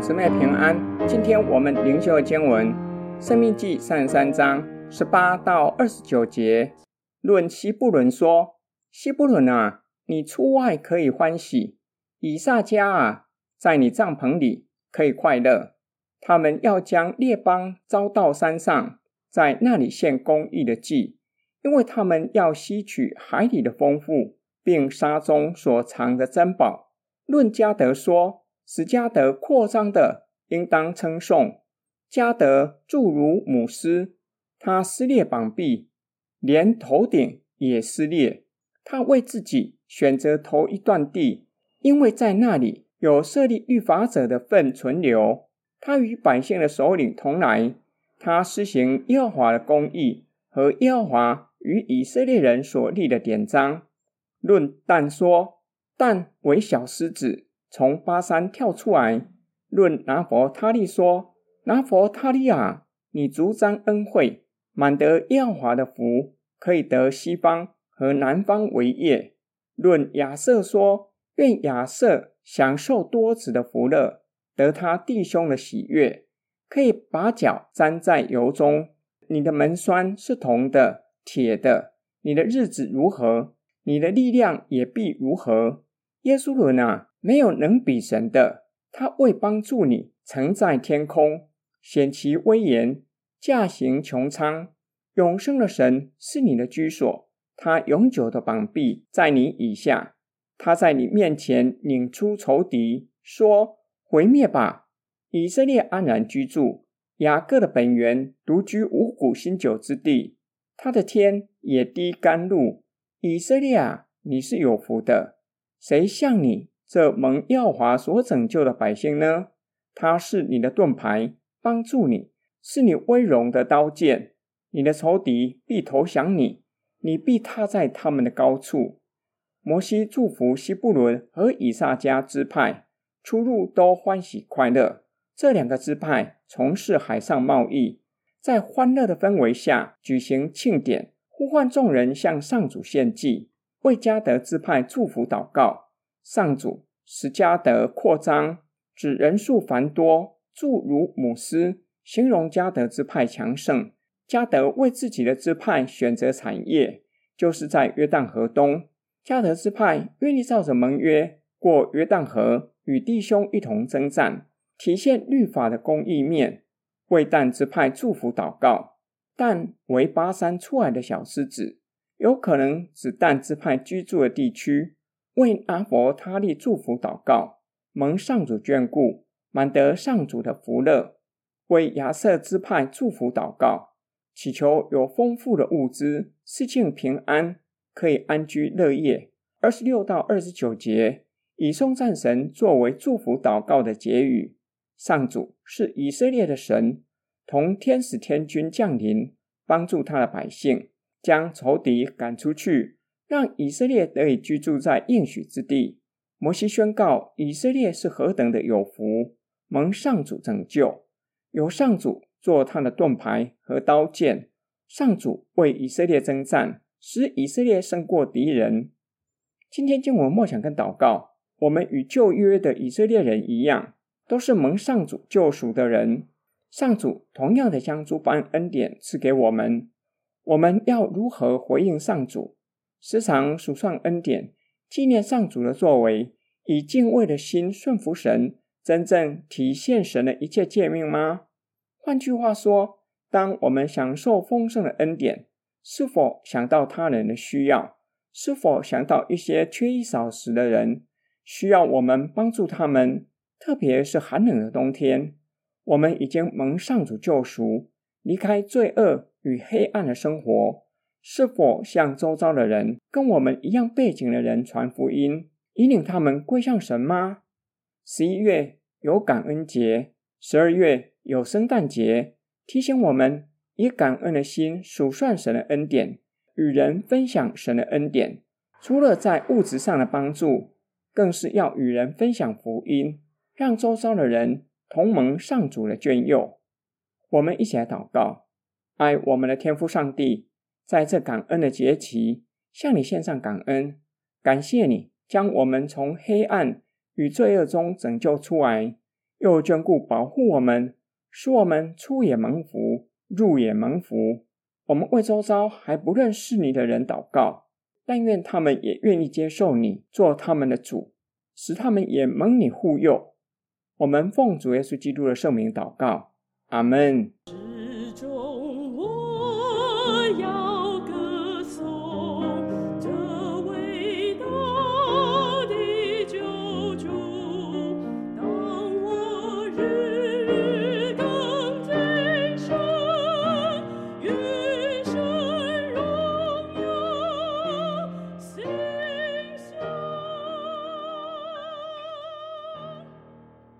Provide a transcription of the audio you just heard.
姊妹平安，今天我們靈修的經文《申命記》三十三章十八到二十九節，論西布倫說：“西布倫啊，你出外可以歡喜；以薩迦啊，在你帳棚裡可以快樂。他們要將列邦召到山上，在那裡獻公義的祭，因為他們要吸取海裡的豐富，並沙中所藏的珍寶。”論迦得說。使迦得擴張的，應當稱頌！迦得住如母獅。他撕裂膀臂，連頭頂也撕裂。他為自己選擇頭一段地，因為在那裡有設立律法者的分存留。他與百姓的首領同來。他施行耶和華的公義，和耶和華與以色列人所立的典章。論但說，但為小獅子，從巴珊跳出來。論拿弗他利說：“拿弗他利啊，你足沾恩惠，滿得耶和華的福，可以得西方和南方為業。”論亞設說：“願亞設享受多子的福樂，得他弟兄的喜悅，可以把腳蘸在油中。你的門閂是銅的、鐵的，你的日子如何，你的力量也必如何。”耶書崙啊，沒有能比神的，他為幫助你，乘在天空，顯其威榮，駕行穹蒼。永生的神是你的居所，他永久的膀臂在你以下。他在你面前攆出仇敵，說毀滅吧！以色列安然居住，雅各的本源獨居五穀新酒之地，他的天也滴甘露。以色列啊，你是有福的，誰像你？這蒙耶和華所拯救的百姓呢？他是你的盾牌，幫助你，是你威榮的刀劍。你的仇敵必投降你，你必踏在他們的高處。摩西祝福西布倫和以薩迦支派，出入都歡喜快樂。這兩個支派從事海上貿易，在歡樂的氛圍下舉行慶典，呼喚眾人向上主獻祭，為迦得支派祝福禱告。上主使迦得擴張，指人數繁多，住如母獅，形容迦得支派強盛。迦得為自己的支派選擇產業，就是在約旦河東。迦得支派願意照着盟約過約旦河，與弟兄一同爭戰，體現律法的公義面。為但支派祝福禱告，但為巴珊出來的小獅子，有可能指但支派居住的地區。為拿弗他利祝福禱告，蒙上主眷顧，滿得上主的福樂；為亞設支派祝福禱告，祈求有豐富的物資，四境平安，可以安居樂業。二十六到二十九節，以頌讚神作為祝福禱告的結語。上主是以色列的神，同天使天軍降臨，幫助他的百姓，將仇敵趕出去。讓以色列得以居住在應許之地。摩西宣告以色列是何等的有福，蒙上主拯救，由上主做他的盾牌和刀劍。上主為以色列征戰，使以色列勝過敵人。今天經文默想跟禱告，我們與舊約的以色列人一樣，都是蒙上主救贖的人。上主同樣的將諸般恩典賜給我們，我們要如何回應上主？時常數算恩典，紀念上主的作為，以敬畏的心順服神，真正體現神的一切誡命嗎？換句話說，當我們享受豐盛的恩典，是否想到他人的需要？是否想到一些缺衣少食的人，需要我們幫助他們，特別是寒冷的冬天，我們已經蒙上主救贖，離開罪惡與黑暗的生活。是否向周遭的人，跟我們一樣背景的人傳福音，引領他們歸向神嗎？十一月有感恩節，十二月有聖誕節，提醒我們以感恩的心數算神的恩典，與人分享神的恩典。除了在物質上的幫助，更是要與人分享福音，讓周遭的人同蒙上主的眷佑。我們一起來禱告，愛我們的天父上帝。在這感恩的節期，向你獻上感恩，感謝你將我們從黑暗與罪惡中拯救出來，又眷顧保護我們，使我們出也蒙福，入也蒙福。我們為周遭還不認識你的人禱告，但願他們也願意接受你做他們的主，使他們也蒙你護佑。我們奉主耶穌基督的聖名禱告，阿門。